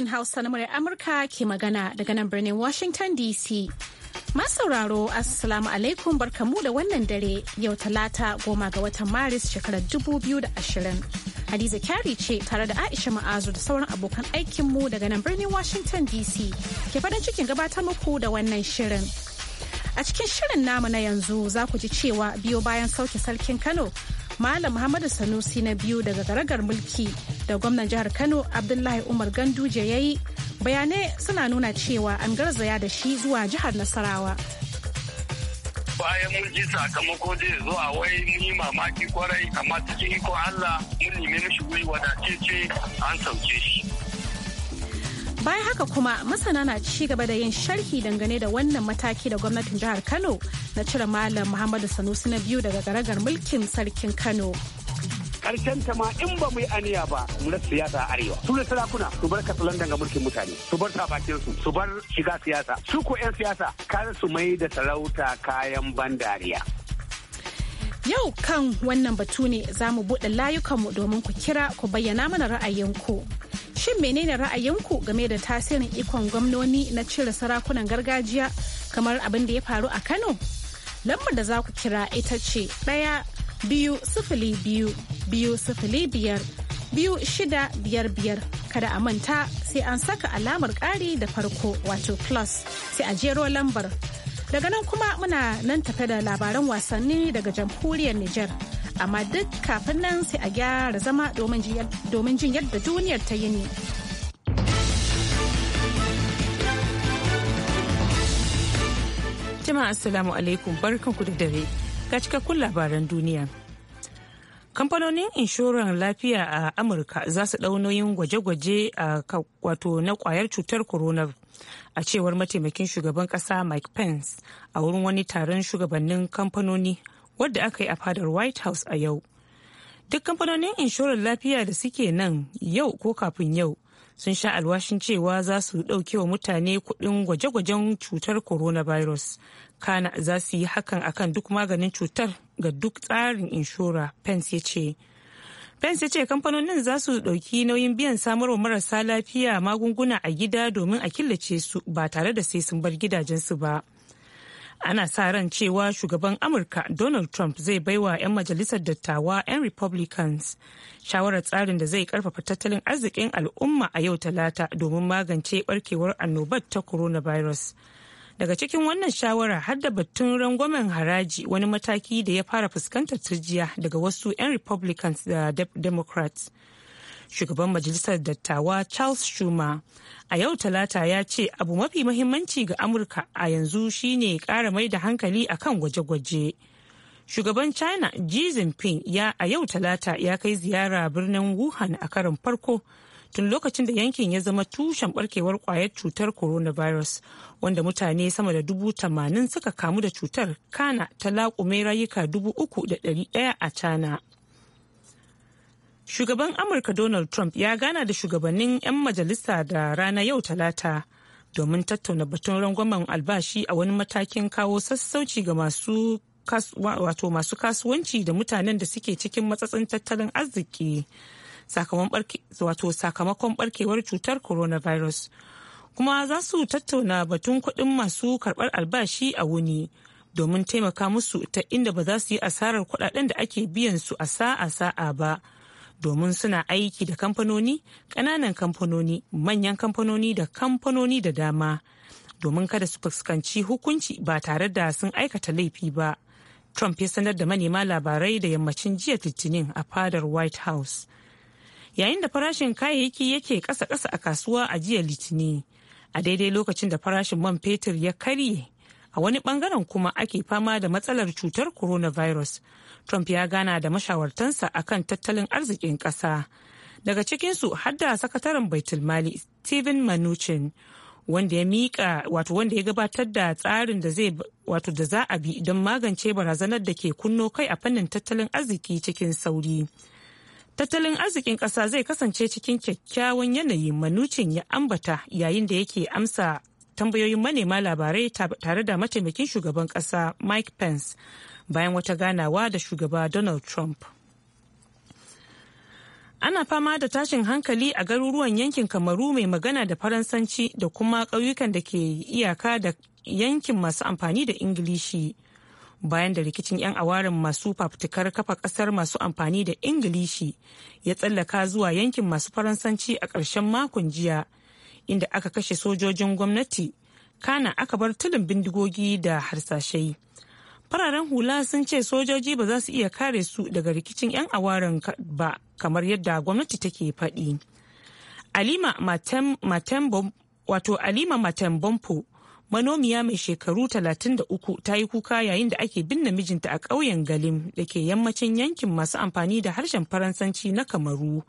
sashen Hausa na muryar Amurka ke magana daga nan birnin Washington DC. sauraro Assalamu alaikum barkamu da wannan dare yau talata goma ga watan Maris shekarar ashirin Hadiza Kyari ce tare da Aisha Ma'azu da sauran abokan aikinmu daga nan birnin Washington DC ke farin cikin gabatar muku da wannan shirin. A cikin shirin namu na yanzu za ku ji cewa biyo bayan sauke sarkin Kano Malam Muhammadu Sanusi na biyu daga garagar mulki da gwamnan jihar Kano Abdullahi Umar Ganduje ya yi bayanai suna nuna cewa an garzaya da shi zuwa jihar Nasarawa. bayan mun sakamako zai zuwa wai ni mamaki kwarai amma cikin iko Allah mun nemi mishi gwiwa ce an sauke shi. Bayan haka kuma masana na ci gaba da yin sharhi dangane da wannan mataki da gwamnatin jihar Kano na cire Malam Muhammadu Sanusi na biyu daga garagar mulkin sarkin Kano. karshen ta ma in ba mu yi aniya ba mu na siyasa a arewa su ne sarakuna su bar katsalandan ga mulkin mutane su bar tafakin su su bar shiga siyasa su ko yan siyasa kar su mai da sarauta kayan ban dariya. Yau kan wannan batu ne za mu buɗe layukanmu domin ku kira ku bayyana mana ra'ayinku. Shin menene ra'ayinku game da tasirin ikon gwamnoni na cire sarakunan gargajiya kamar abin da ya faru a Kano? Lambar da za ku kira ita ce ɗaya biyu sifili biyu biyu sifili biyar biyu shida biyar biyar kada a manta sai an saka alamar ƙari da farko wato plus sai a jero lambar Daga nan kuma muna nan tafe da labaran wasanni daga jamhuriyar Nijar. Amma duk kafin nan sai a gyara zama domin jin yadda duniyar ta yi ne. Jama'a Assalamu alaikum barkanku da dare. Ga cikakkun labaran duniya. kamfanonin inshoran lafiya a amurka za su ɗau nauyin gwaje-gwaje wato na kwayar cutar corona a cewar mataimakin shugaban ƙasa mike pence a wurin wani taron shugabannin kamfanoni wadda aka yi a fadar white house a yau duk kamfanonin inshorar lafiya da suke nan yau ko kafin yau sun sha alwashin cewa za su ɗauke wa mutane kuɗin gwaje-gwajen cutar coronavirus kana za su yi hakan akan duk maganin cutar ga duk tsarin inshora pence ya ce pence ya ce kamfanonin za su ɗauki nauyin biyan samarwa marasa lafiya magunguna a gida domin a killace su ba tare da sai sun bar gidajensu ba ana sa ran cewa shugaban amurka donald trump zai baiwa 'yan majalisar dattawa 'yan republicans shawarar tsarin da zai karfafa tattalin arzikin al'umma a yau talata domin magance barkewar annobar ta coronavirus. daga cikin wannan shawara har da batun rangwamen haraji wani mataki da ya fara fuskantar turjiya daga wasu 'yan republicans da democrats shugaban majalisar dattawa charles schumer a yau talata ya ce abu mafi mahimmanci ga amurka a yanzu shine kara mai da hankali akan gwaje-gwaje shugaban china xi jinping ya a yau talata ya kai ziyara birnin wuhan a karin farko tun lokacin da yankin ya zama tushen barkewar kwayar cutar coronavirus wanda mutane sama da dubu tamanin suka kamu da cutar kana ta laƙume rayuka dubu uku da ɗari ɗaya a cana. Shugaban Amurka Donald Trump ya gana da shugabannin 'yan majalisa da rana yau talata domin tattauna batun rangwamen albashi a wani matakin kawo sassauci ga masu wato masu kasuwanci da mutanen da suke cikin matsatsin tattalin arziki sakamakon barkewar cutar coronavirus kuma za su tattauna batun kuɗin masu karɓar albashi a wuni domin taimaka musu ta inda ba za su yi asarar kuɗaɗen da ake biyan su a sa'a sa'a ba domin suna aiki da kamfanoni ƙananan kamfanoni manyan kamfanoni da kamfanoni da dama domin kada su fuskanci hukunci ba tare da sun aikata laifi ba trump ya sanar da manema labarai da yammacin jiya litinin a fadar white house yayin da farashin kayayyaki yake ƙasa-ƙasa a kasuwa a jiya litini a daidai lokacin da farashin man fetur ya karye a wani bangaren kuma ake fama da matsalar cutar coronavirus trump ya gana da mashawartansa akan tattalin arzikin ƙasa daga cikinsu hadda sakataren baitulmali steven manuchin wanda ya mika wato wanda ya gabatar da tsarin da zai wato da za a bi don magance barazanar da ke kunno kai a fannin tattalin arziki cikin sauri. tattalin arzikin ƙasa zai kasance cikin kyakkyawan yanayi manucin ya ambata yayin da yake amsa tambayoyin manema labarai tare da mataimakin shugaban ƙasa mike pence bayan wata ganawa da shugaba donald trump ana fama da tashin hankali a garuruwan yankin kamaru mai magana da faransanci da kuma ƙauyukan da ke iyaka da yankin masu amfani da ingilishi bayan da rikicin 'yan awarin masu fafutukar kafa kasar masu amfani da ingilishi ya tsallaka zuwa yankin masu faransanci a ƙarshen makon jiya inda aka kashe sojojin gwamnati kana aka bar tulin bindigogi da harsashai fararen hula sun ce sojoji ba za su iya kare su daga rikicin 'yan awarin ba kamar yadda gwamnati take faɗi alima matem, wato alima matem bompo manomiya mai shekaru 33 ta yi kuka yayin da ake binne mijinta a ƙauyen galim da ke yammacin yankin masu amfani da harshen faransanci na kamaru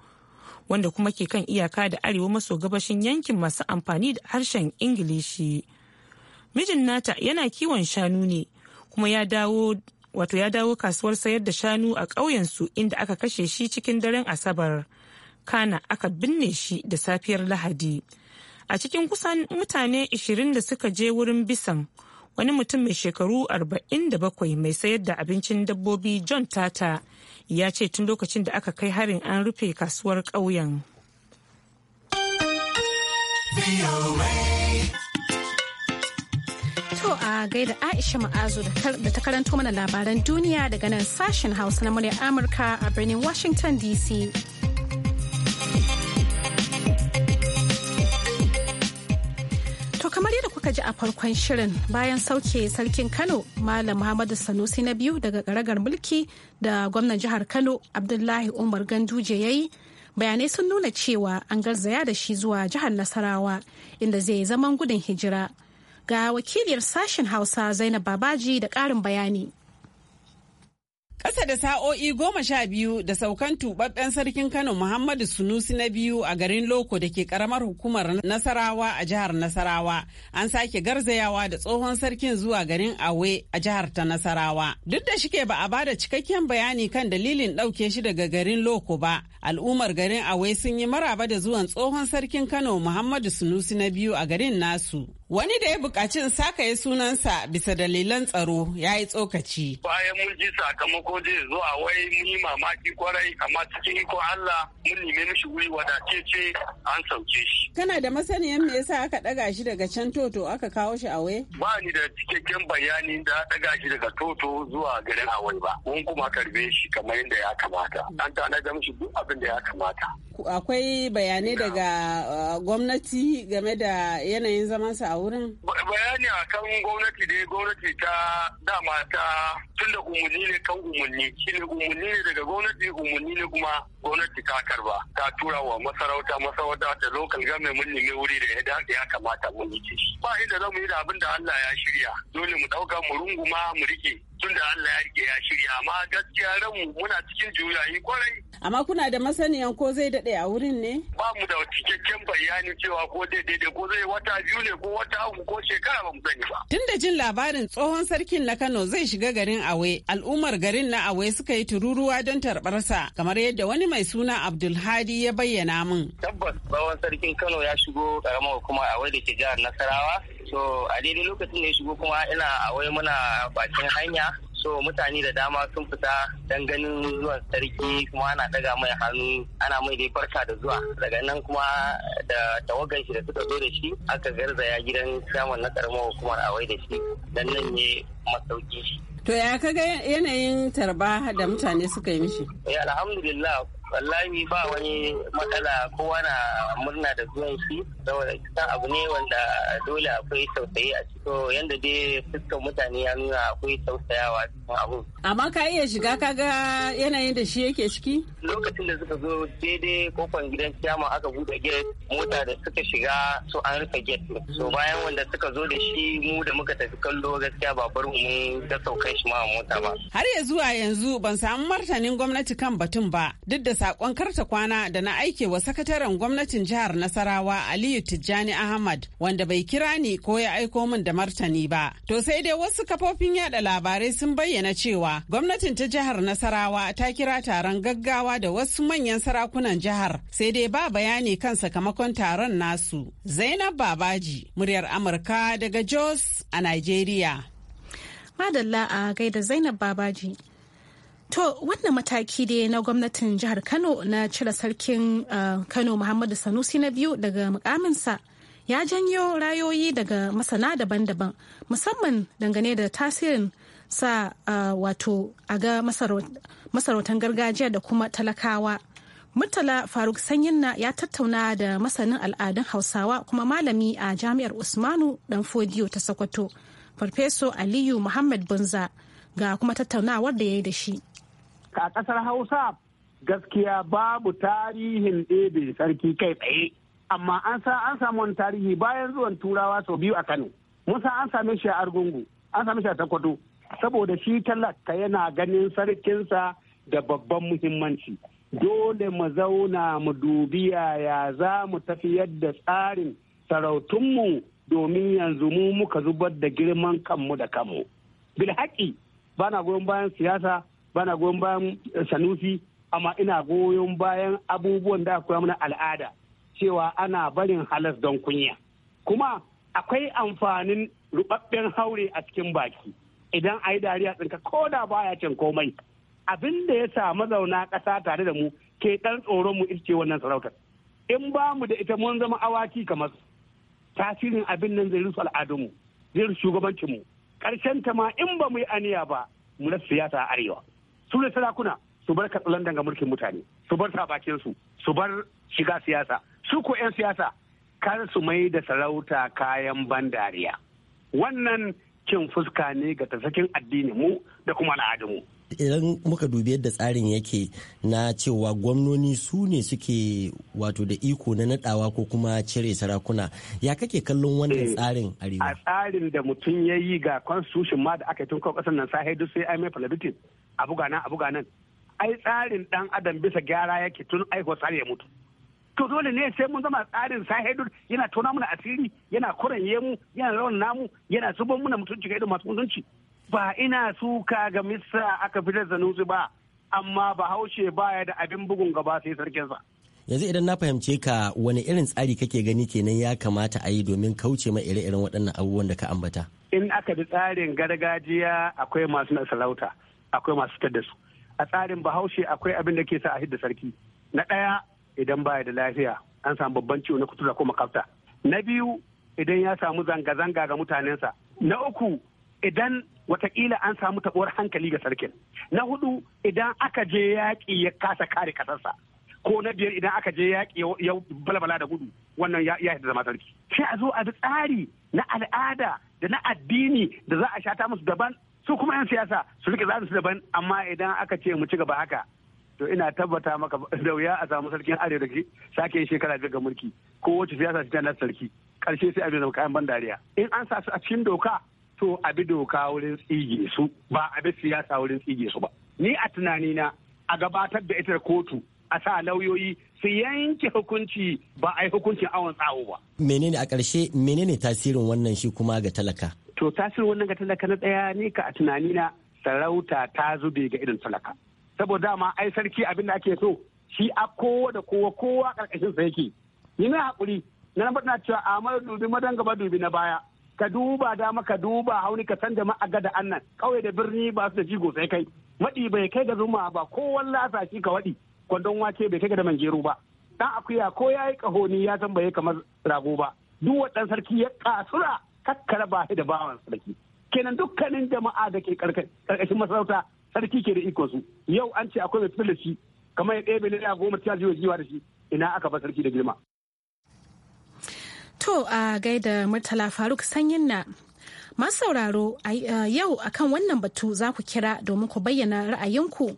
wanda kuma ke kan iyaka da arewa maso gabashin yankin masu amfani da harshen ingilishi mijin nata yana kiwon shanu ne kuma ya dawo wato ya dawo kasuwar sayar da shanu a ƙauyen su inda aka kashe shi cikin daren asabar kana aka binne shi da safiyar lahadi a cikin kusan mutane 20 da suka je wurin bisan wani mutum mai shekaru 47 mai sayar da abincin dabbobi john tata ya ce tun lokacin da aka kai harin an rufe kasuwar ƙauyen. To a gaida Aisha Ma'azu da ta karanto mana labaran duniya daga nan sashen Hausa na murya Amurka a birnin Washington DC. ji a farkon shirin bayan sauke sarkin Kano Malam Muhammadu Sanusi na biyu daga karagar mulki da gwamnan jihar Kano Abdullahi Umar Ganduje ya yi bayanai sun nuna cewa an garzaya da shi zuwa jihar Nasarawa inda zai zaman gudun hijira. Ga wakiliyar sashen Hausa Zainab Babaji da ƙarin bayani. Ƙasa da sa'o'i goma sha biyu da saukan tubabben sarkin Kano Muhammadu Sunusi na biyu a garin Loko da ke karamar hukumar Nasarawa a jihar Nasarawa. An sake garzayawa da tsohon sarkin zuwa garin Awe a jihar ta Nasarawa. Duk da shike ba a bada cikakken bayani kan dalilin ɗauke shi daga garin Loko ba. Al'ummar garin Awe sun yi maraba da zuwan tsohon sarkin Kano Muhammadu Sunusi na biyu a garin nasu. Wani da ya buƙaci sakaye sunansa bisa dalilan tsaro ya yi tsokaci. Bayan mun ji sakamako farko zai zo a wai mun yi mamaki kwarai amma cikin iko Allah mun nime mishi wuri wadatacce an sauke shi. Kana da masaniyan me yasa aka ɗaga shi daga can Toto aka kawo shi a wai? Ba ni da cikakken bayani da ɗaga shi daga Toto zuwa garin Awai ba. Mun kuma karbe shi kamar yadda ya kamata. An tanada mishi duk abin da ya kamata. Akwai bayanai daga uh, gwamnati game da yanayin zamansa a wurin? Bayani akan gwamnati dai gwamnati ta dama ta tun da umarni ne kan umarni shi umarni ne daga gwamnati umarni ne kuma gwamnati ta karba ta tura wa masarauta masarauta ta local game mun nemi wuri da ya ya kamata mun yi ba inda zamu yi da abin da Allah ya shirya dole mu dauka mu runguma mu rike tunda Allah ya rike ya shirya amma gaskiya ranmu muna cikin juyayi kwarai. Amma kuna da masaniyan ko zai daɗe a wurin ne? Ba mu da cikakken bayani cewa ko daidai ko zai wata biyu ne ko wata uku ko shekara ba mu sani ba. Tun da jin labarin tsohon sarkin na Kano zai shiga garin Awe, al'ummar garin na Awe suka yi tururuwa don tarbarsa kamar yadda wani mai suna Abdulhadi ya bayyana min. Tabbas tsohon sarkin Kano ya shigo ƙaramar kuma Awe da ke jihar Nasarawa so a daidai lokacin da ya shigo kuma ina a wai muna bakin hanya so mutane da dama sun fita don ganin zuwan sarki kuma ana daga mai hannu ana mai dai barka da zuwa daga nan kuma da tawagar shi da suka zo da shi aka garzaya gidan samun na karamar hukumar awai da shi don nan ne masauki shi To ya kaga yanayin tarba da mutane suka yi mishi? Eh, alhamdulillah wallahi ba wani matsala kowa na murna da zuwan shi saboda kisan abu ne wanda dole akwai tausayi a ciki yanda dai fuskar mutane ya nuna akwai tausayawa cikin abu amma ka iya shiga ka ga yanayin da shi yake ciki lokacin da suka zo daidai kofar gidan ciyama aka bude gate mota da suka shiga so an rufe gate so bayan wanda suka zo da shi mu da muka tafi kallo gaskiya ba bar mu da saukan shi ma mota ba har ya zuwa yanzu ban samu martanin gwamnati kan batun ba duk da saƙon karta kwana da na aike wa sakataren gwamnatin jihar Nasarawa Aliyu Tijjani Ahmad wanda bai kira ni ko ya aiko min da martani ba. To sai dai wasu kafofin yaɗa labarai sun bayyana cewa gwamnatin ta jihar Nasarawa ta kira taron gaggawa da wasu manyan sarakunan jihar sai dai ba bayani kan sakamakon taron nasu. Zainab Babaji, muryar Amurka daga Jos a Nigeria. Madalla a gaida Zainab Babaji. To wannan mataki dai na gwamnatin jihar Kano na cire sarkin uh, Kano Muhammadu Sanusi na biyu daga mukaminsa ya janyo rayoyi daga masana daban-daban musamman dangane da tasirin sa uh, wato a ga masarautan gargajiya da kuma talakawa. Murtala Faruk Sanyinna ya tattauna da masanin al'adun Hausawa kuma malami a Jami'ar Usmanu Danfodiyo ta Sokoto, Farfeso Aliyu Muhammad Bunza. ga kuma tattaunawar da ya yi da shi. A ƙasar Hausa gaskiya babu tarihin ɗebe sarki kai tsaye, amma an sa an samu wani tarihi bayan zuwan turawa sau biyu a Kano. Musa an same shi a Argungu, an same shi a Takwato, saboda shi talaka yana ganin sarkinsa da babban muhimmanci. Dole mu zauna mu dubi yaya za mu tafi yadda tsarin sarautunmu domin yanzu mu muka zubar da girman kanmu da kanmu. Bilhaƙi Bana na goyon bayan siyasa bana na goyon bayan eh, sanusi amma ina goyon bayan abubuwan da akwai mana al'ada cewa ana barin halas don kunya kuma akwai amfanin rubabben haure a cikin baki idan a yi dariya tsinka ko da baya cin komai abin da ya sa mazauna ƙasa tare da mu ke ɗan tsoron mu ita wannan sarautar in ba mu da ita mun zama awaki kamar tasirin abin nan zai rusu al'adunmu zai rusu shugabancinmu karshen ta ma in ba mu yi aniya ba mu na siyasa a arewa su ne sarakuna su bar katsalandan ga mulkin mutane su bar bakin su su bar shiga siyasa su ko 'yan siyasa kar su mai da sarauta kayan ban dariya wannan kin fuska ne ga tasakin addini mu da kuma mu idan muka dubi yadda tsarin yake na cewa gwamnoni su ne suke wato da iko na nadawa ko kuma cire sarakuna ya kake kallon wannan eh, tsarin arewa a tsarin da mutum ya yi ga constitution ma da aka yi tun kawai kasar nan sahi duk sai ai mai falabitin a buga nan a nan ai tsarin dan adam bisa gyara yake tun aiko tsari ya mutu to dole ne sai mun zama tsarin duk yana tona mana asiri yana kuranye mu yana rawan namu yana zuban mana mutunci ga irin masu mutunci ba ina suka ga misa aka fitar zanusi ba amma bahaushe baya da abin bugun gaba sai sarkinsa. yanzu idan na fahimce ka wani irin tsari kake gani kenan ya kamata a yi domin kauce ma ire-iren waɗannan abubuwan da ka ambata in aka bi tsarin gargajiya akwai masu na sarauta akwai masu fitar da su a tsarin bahaushe akwai abin da ke sa a hidda sarki na ɗaya idan baya da lafiya an samu babban ciwo na kutura ko makafta na biyu idan ya samu zanga-zanga ga mutanensa na uku idan watakila an samu taɓuwar hankali ga sarkin na hudu idan aka je yaƙi ya kasa kare kasarsa ko na biyar idan aka je yaƙi ya balabala da gudu wannan ya da zama sarki sai a zo a bi tsari na al'ada da na addini da za a shata musu daban su kuma yan siyasa su rike za su daban amma idan aka ce mu ci gaba haka to ina tabbata maka da wuya a samu sarkin arewa da sake yin shekara daga mulki ko wace siyasa ta na sarki karshe sai a zama kayan ban dariya in an sa su a cikin doka to a bi doka wurin tsige su ba a bi siyasa wurin tsige su ba ni a tunanina a gabatar da ita kotu a sa lauyoyi su yanke hukunci ba a yi hukuncin awon tsawo ba. Menene a ƙarshe menene tasirin wannan shi kuma ga talaka? To tasirin wannan ga talaka na ɗaya ne ka a tunanina sarauta ta zube ga irin talaka. Saboda ma ai sarki abin da ake so shi a kowa da kowa kowa ƙarƙashin sa yake. Ni na haƙuri na na cewa a dubi madan gaba dubi na baya. ka duba dama ka duba hauni ka san jama'a ga da annan kauye da birni ba su da jigo sai kai maɗi bai kai ga zuma ba ko lasa shi ka waɗi kwandon wake bai kai ga da manjeru ba dan akuya ko yayi yi kahoni ya san bai kamar rago ba duk wadan sarki ya kasura kakkara ba da bawan sarki kenan dukkanin jama'a da ke karkashin masarauta sarki ke da ikon su yau an ce akwai mai fitar da shi kamar ya ɗebe naira goma ta jiwa da shi ina aka ba sarki da girma To a gaida Murtala Faruk sanyin na masu sauraro yau akan wannan batu za ku kira domin ku bayyana ra'ayinku.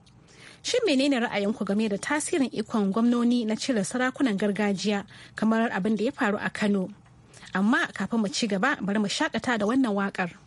Shin menene ra'ayinku game da tasirin ikon gwamnoni na cire sarakunan gargajiya kamar abin da ya faru a Kano? Amma kafin mu ci gaba bari mu shakata da wannan waƙar.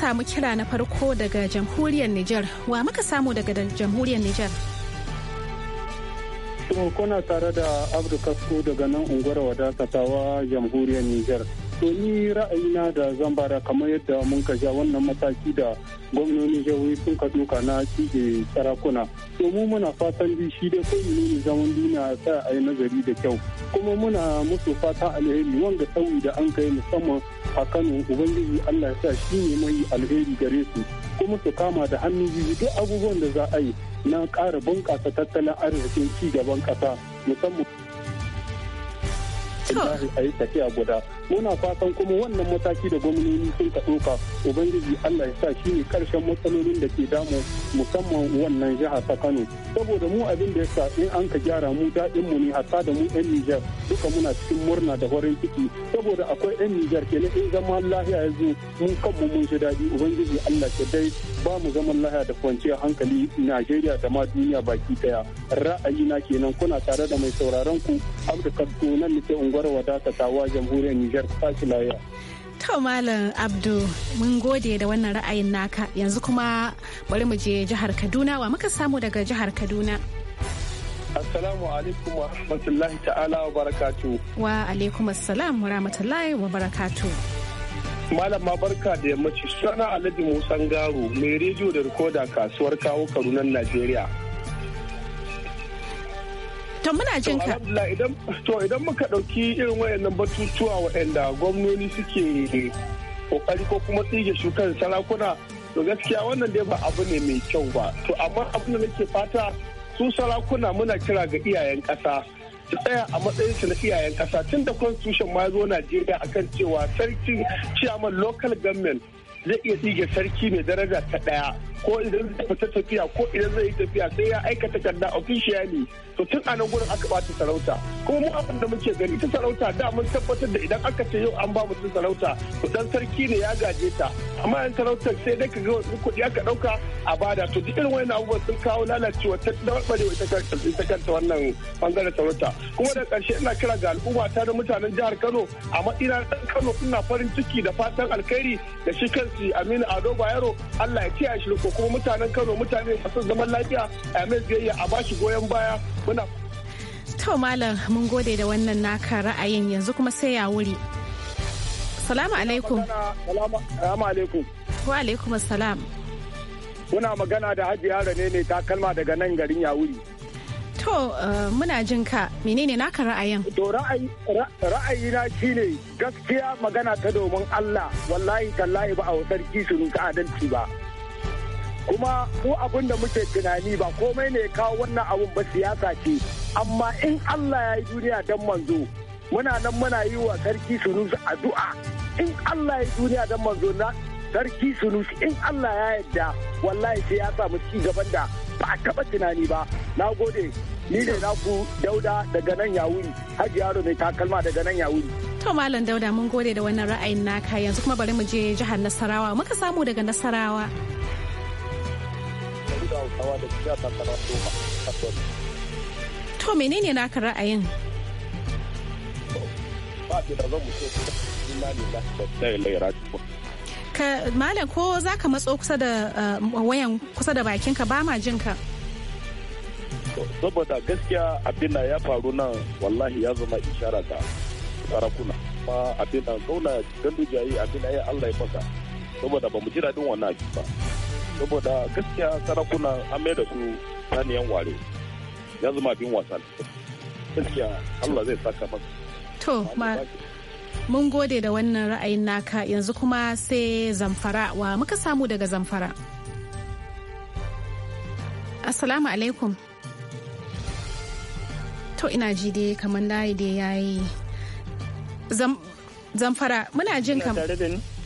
samu kira na farko daga jamhuriyar Nijar. Wa muka samu daga jamhuriyar Nijar? kuna tare da Abdu Kasko daga nan unguwar wadatawa jamhuriyar Nijar. to ni ra'ayina da zambara kamar yadda mun ka ja wannan mataki da gwamnoni jihohi sun ka duka na cije sarakuna to mu muna fatan bi shi dai kai ne zaman duniya sa a yi nazari da kyau kuma muna musu fata alheri wanda sauyi da an kai musamman a Kano ubangiji Allah ya sa shi ne mai alheri gare su kuma su kama da hannu biyu duk abubuwan da za a yi na ƙara bunƙasa tattalin arzikin ci gaban ƙasa musamman lillahi a yi tafiya guda muna fatan kuma wannan mataki da gwamnoni sun ka ɗauka ubangiji allah ya sa shi ne karshen matsalolin da ke damu musamman wannan jiha ta kano saboda mu abin da ya sa in an ka gyara mu daɗin mu ne hatta da mu yan nijar duka muna cikin murna da farin ciki saboda akwai yan nijar kenan in zama lahiya ya zo mun kanmu mun ji daɗi ubangiji allah ke dai ba mu zaman lahiya da kwanciyar hankali najeriya da ma duniya baki daya ra'ayi na kenan kuna tare da mai sauraron ku abdu kasko nan nake unguwar wadata ta ka jamhuriyar Nijar ta shi lafiya. To Malam Abdu mun gode da wannan ra'ayin naka yanzu kuma bari mu je jihar Kaduna wa muka samu daga jihar Kaduna. Assalamu alaikum wa rahmatullahi ta'ala wa barakatu. Wa alaikum assalam wa rahmatullahi wa barakatu. Malam ma barka da yammaci sana Alhaji Musan Garo mai rediyo da rikoda kasuwar kawo Kadunan Najeriya. To muna jin ka. To idan muka ɗauki irin wayannan batutuwa waɗanda gwamnoni suke kokari ko kuma tsige shukan sarakuna to gaskiya wannan dai ba abu ne mai kyau ba. To amma abin da nake fata su sarakuna muna kira ga iyayen ƙasa su tsaya a matsayin su na iyayen ƙasa tun da constitution ma zo Najeriya akan cewa sarki chairman local government zai iya tsige sarki mai daraja ta ɗaya ko idan zai fita tafiya ko idan zai yi tafiya sai ya aikata takarda officially to tun a nan gurin aka bata sarauta kuma mu abin da muke gani ta sarauta da mun tabbatar da idan aka ce yau an ba mutum sarauta to dan sarki ne ya gaje ta amma yan sarautar sai dai ka ga wasu kuɗi aka ɗauka a bada to duk irin wannan abubuwan sun kawo lalacewa ta dabarbarewa ita kanta wannan bangaren sarauta kuma da ƙarshe ina kira ga al'umma ta da mutanen jihar Kano a matsina ɗan Kano suna farin ciki da fatan alkhairi da shi kansu Aminu Ado Bayero Allah ya kiyaye shi ko kuma mutanen Kano mutane masu zaman lafiya a mai biyayya a bashi goyon baya muna To malam mun gode da wannan naka ra'ayin yanzu kuma sai ya wuri. Salamu alaikum. Salamu alaikum. Wa alaikum salam. Muna magana da Hajiya Rane ne ta kalma daga nan garin Yawuri. To eh, muna jin ka menene naka ra'ayin? To shi shine gaskiya magana ta domin Allah wallahi tallahi ba a sarki sunu ka adalci ba. kuma mu abin da muke tunani ba komai ne kawo wannan abun ba siyasa ce amma in Allah ya yi duniya don manzo muna nan muna yi wa sarki sunusu addu'a in Allah ya yi duniya don manzo na sarki sunusu in Allah ya yarda wallahi sai ya samu ci gaban da ba a taba tunani ba na gode ni ne naku dauda daga nan yawuri haji yaro mai takalma daga nan yawuri to malam dauda mun gode da wannan ra'ayin naka yanzu kuma bari mu je jihar nasarawa muka samu daga nasarawa adawa da shi a takarar to menene naka ra'ayin ba ki da zan ko ina ne na laira ko. ka malam ko za ka matso kusa da eh, wayan kusa da bakin ka ba ma jin ka saboda gaskiya abin da ya faru nan wallahi ya zama ishara ga sarakuna ma abin da zauna gandu jayi abin da ya Allah ya maka saboda ba mu ji daɗin wannan ba saboda gaskiya sarakuna an mai da su saniyan ware ya zama bin wasa gaskiya Allah zai saka masa to mun gode da wannan ra'ayin naka yanzu kuma sai zamfara wa muka samu daga zamfara assalamu alaikum to ina ji dai kamar da dai yi zamfara muna jin kamar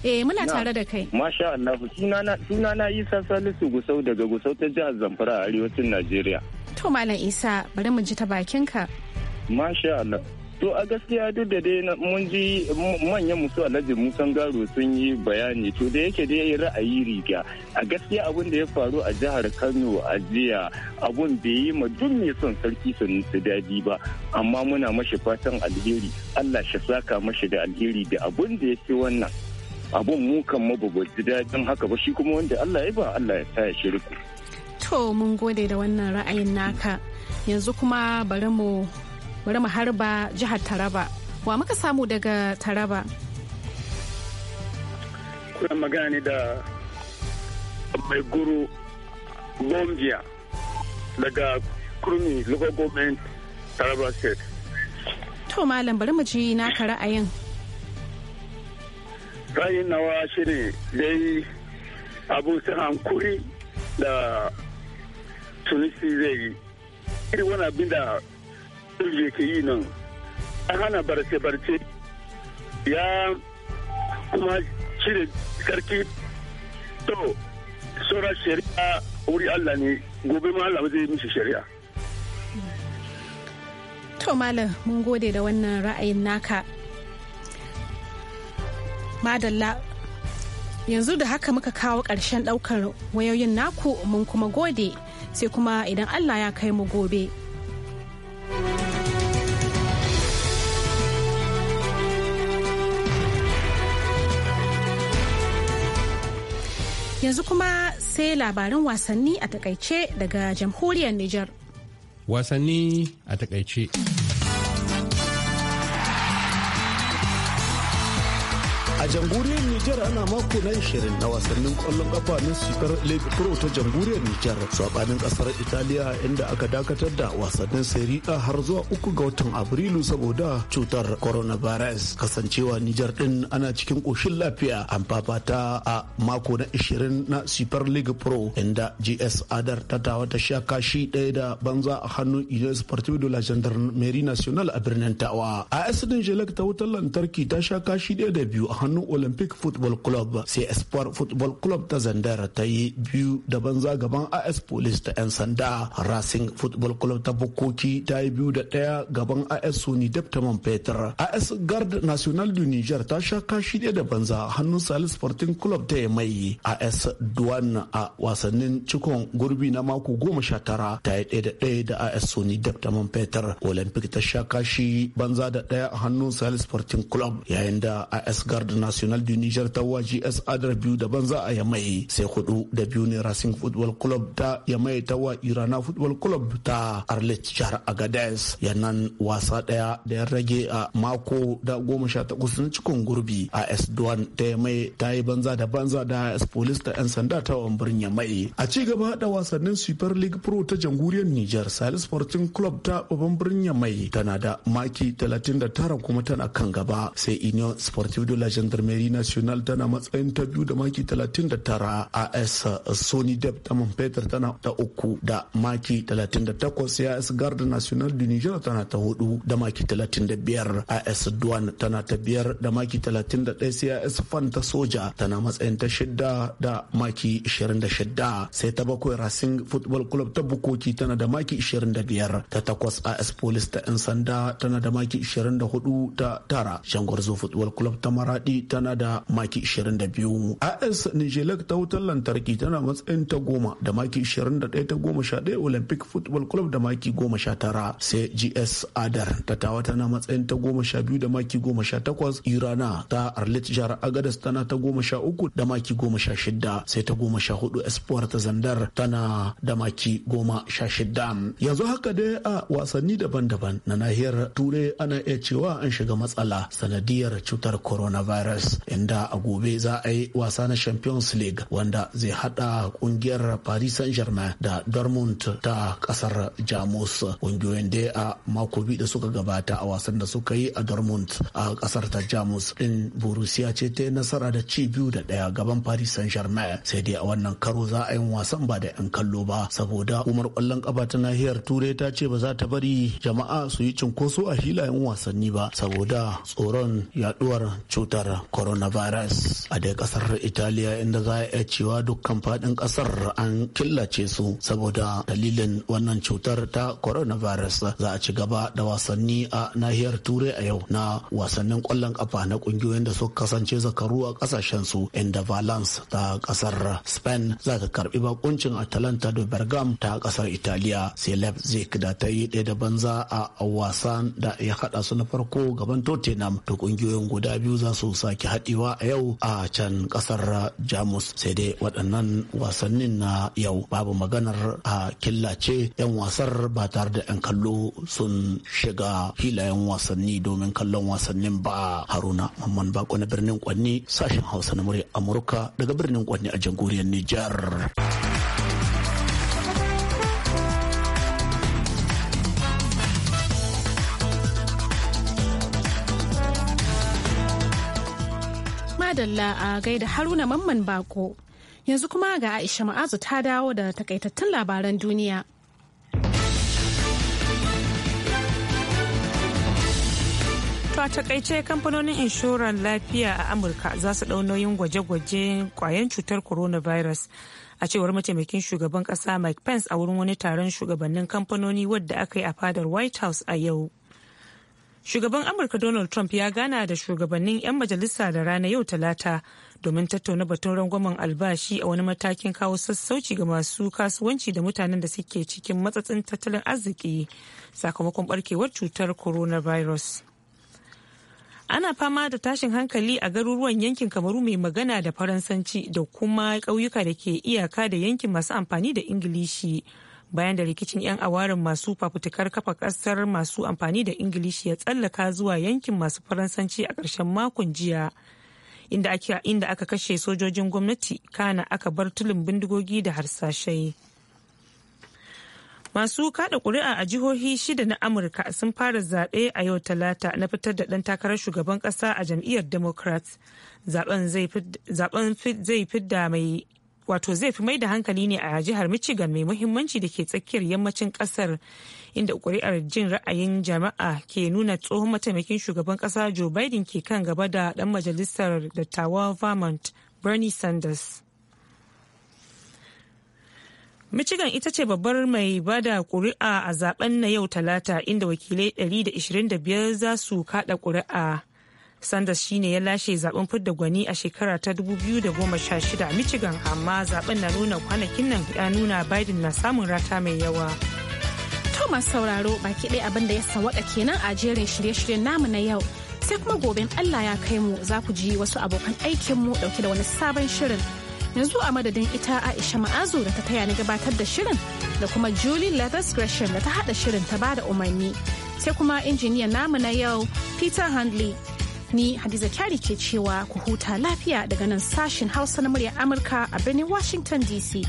Eh muna tare da kai. Masha Allah suna na Isa Salisu Gusau daga Gusau ta jihar Zamfara a arewacin Najeriya. To Malam Isa bari mu ji ta bakinka. Masha Allah. to a gaskiya duk da dai mun ji manyan musu alhaji musan garo sun yi bayani to da yake da dai ra'ayi riga a gaskiya abun da ya faru a jihar kano a jiya abun bai yi ma duk mai son sarki sun su dadi ba amma muna mashi fatan alheri allah shi saka mashi da alheri da abun da ya fi wannan abun mu kan mababar daɗin haka ba shi kuma wanda Allah ya ba Allah ya sa ya riku. To mun gode da wannan ra'ayin naka yanzu kuma bari mu bari mu harba jihar Taraba wa muka samu daga Taraba. Kuna magana ne da mai guru Bombiya daga Kurmi Local Government Taraba State. To malam bari mu ji naka ra'ayin. ra'ayin nawa shi ne dai abu hankuri da tunisi zai yi iri wani abin da ke yi nan an hana barce-barce ya kuma cire sarki to sora shari'a wuri allah ne gobe ma allah zai mishi shari'a to malam mun gode da wannan ra'ayin naka madalla yanzu da haka muka kawo ƙarshen ɗaukar wayoyin naku mun kuma gode sai kuma idan allah ya kai mu gobe yanzu kuma sai labarin wasanni a takaice daga jamhuriyar niger wasanni a takaice jamhuriyar Nijar ana mako na 20 na wasannin kwallon kafa na shekarar League Pro ta jamhuriyar Nijar saɓanin kasar Italiya inda aka dakatar da wasannin Serie A har zuwa uku ga watan Afrilu saboda cutar coronavirus kasancewa Nijar din ana cikin koshin lafiya an fafata a mako na 20 na Super League Pro inda GS Adar ta tawa ta sha kashi ɗaya da banza a hannun Union Sportive de la Gendarmerie Nationale a birnin Tawa. AS Jelek ta wutar lantarki ta sha kashi ɗaya da biyu a hannun tsakanin olympic football club sai espoir football club ta zandara ta yi biyu da banza gaban as police ta 'yan sanda racing football club ta bukoki ta yi biyu da ɗaya gaban as sony deptaman peter as guard national du niger ta sha kashi ɗaya da banza hannun salis sporting club ta mai as duwan a wasannin cikon gurbi na mako goma sha tara ta yi ɗaya da ɗaya da as sony deptaman peter olympic ta sha kashi banza da ɗaya hannun salis sporting club yayin da as guard na national du niger ta wa gs adar biyu da banza a yamai sai hudu da biyu ne racing football club ta yamai ta wa irana football club ta arlet jihar Agadez yanan wasa daya da ya rage a mako da goma sha takwas na cikin gurbi a s duwan ta yamai ta yi banza da banza da s police ta yan sanda ta wambarin yamai a ci gaba da wasannin super league pro ta jamhuriyar niger sahel sporting club ta babban birnin yamai tana da maki talatin da tara kuma tana kan gaba sai union sportive de la gendarmerie gendarmerie national tana matsayin ta biyu da maki 39 as sony deb ta manfetar tana ta uku da maki 38 as garda national de niger tana ta hudu da maki 35 as duan tana ta biyar da maki 31 as fan ta soja tana matsayin ta shidda da maki 26 sai ta bakwai racing football club ta bukoki tana da maki 25 ta takwas as police ta 'yan sanda tana da maki 24 ta tara shangwarzo football club ta maradi tana da maki 22 as nigelec ta wutar lantarki tana matsayin ta goma da maki 21 ta goma sha ɗaya olympic football club da maki goma sha tara sai gs adar ta tawa tana matsayin ta goma sha biyu da maki goma sha takwas irana ta arlit jihar agadas tana ta goma sha uku da maki goma sha shida sai ta goma sha hudu espoir ta zandar tana da maki goma sha shida yanzu haka dai a wasanni daban-daban na nahiyar turai ana iya cewa an shiga matsala sanadiyar cutar coronavirus Paris inda a gobe za a yi wasa na Champions League wanda zai hada kungiyar Paris Saint-Germain da Dortmund ta kasar Jamus kungiyoyin dai a mako biyu da suka gabata a wasan da suka yi a Dortmund a kasar ta Jamus din Borussia ce ta nasara da ci biyu da daya gaban Paris Saint-Germain sai dai a wannan karo za a yi wasan ba da 'yan kallo ba saboda umar kwallon kaba ta nahiyar turai ta ce ba za ta bari jama'a su yi cinkoso a hilayen wasanni ba saboda tsoron yaduwar cutar coronavirus a dai kasar italiya inda za a iya cewa dukkan fadin kasar an killace su saboda dalilin wannan cutar ta coronavirus za a ci gaba da wasanni a nahiyar turai a yau na wasannin kwallon kafa na kungiyoyin da suka kasance zakaru a kasashen su inda valence ta kasar spain za ta karbi bakuncin atalanta da bergam ta kasar italiya sai leipzig da ta yi ɗaya da banza a wasan da ya hada su na farko gaban tottenham da kungiyoyin guda biyu za su sa baki haɗewa a yau a can ƙasar Jamus sai dai waɗannan wasannin na yau babu maganar a killace 'yan wasar ba tare da 'yan kallo sun shiga filayen wasanni domin kallon wasannin ba haruna mamman bako na birnin kwanni sashen hausa na murya amurka daga birnin kwanni a jamhuriyar Nijar. madalla a gaida haruna mamman bako yanzu kuma ga aisha ma'azu ta dawo da takaitattun labaran duniya ta takaice kamfanonin inshoran lafiya a amurka za su ɗau nauyin gwaje-gwaje kwayan cutar coronavirus a cewar mataimakin shugaban kasa mike pence a wurin wani taron shugabannin kamfanoni wadda aka yi a fadar white house a yau Shugaban Amurka Donald Trump ya gana da shugabannin 'yan majalisa da rana yau talata domin tattauna batun rangwamen albashi a wani matakin kawo sassauci ga masu kasuwanci da mutanen da suke cikin matsatsin tattalin arziki sakamakon barkewar cutar coronavirus. Ana fama da tashin hankali a garuruwan yankin kamaru mai magana da faransanci da kuma ƙauyuka da ke iyaka da yankin masu amfani da ingilishi. bayan da rikicin 'yan awarin masu fafutukar kafa kasar masu amfani da ingilishi ya tsallaka zuwa yankin masu faransanci a ƙarshen makon jiya inda aka kashe sojojin gwamnati kana aka bar tulin bindigogi da harsashai masu kada kuri'a a jihohi shida na amurka sun fara zaɓe a yau talata na fitar da ɗan takarar shugaban ƙasa a jam'iyyar democrats zaɓen zai fidda mai wato zai fi mai da hankali ne a jihar michigan mai muhimmanci da ke tsakiyar yammacin kasar inda kuri'ar jin ra'ayin jama'a ke nuna tsohon mataimakin shugaban kasa joe biden ke kan gaba da dan majalisar dattawa vermont bernie sanders Michigan ita ce babbar mai bada kuri'a a zaben na yau talata inda wakilai 125 za su kada kuri'a sanders shine ya lashe zaben fidda gwani a shekara ta 2016 a michigan amma zaben na nuna kwanakin nan ya nuna biden na samun rata mai yawa to sauraro baki ɗaya abin da ya sawaka kenan a jerin shirye-shiryen namu na yau sai kuma goben allah ya kai mu za ku ji wasu abokan aikinmu ɗauke da wani sabon shirin yanzu a madadin ita aisha ma'azu da ta taya ni gabatar da shirin da kuma julie leathers gresham da ta haɗa shirin ta ba da umarni sai kuma injiniyan namu na yau peter handley Ni Hadiza Kyari ke cewa ku huta lafiya daga nan sashen Hausa na murya Amurka a birnin Washington DC.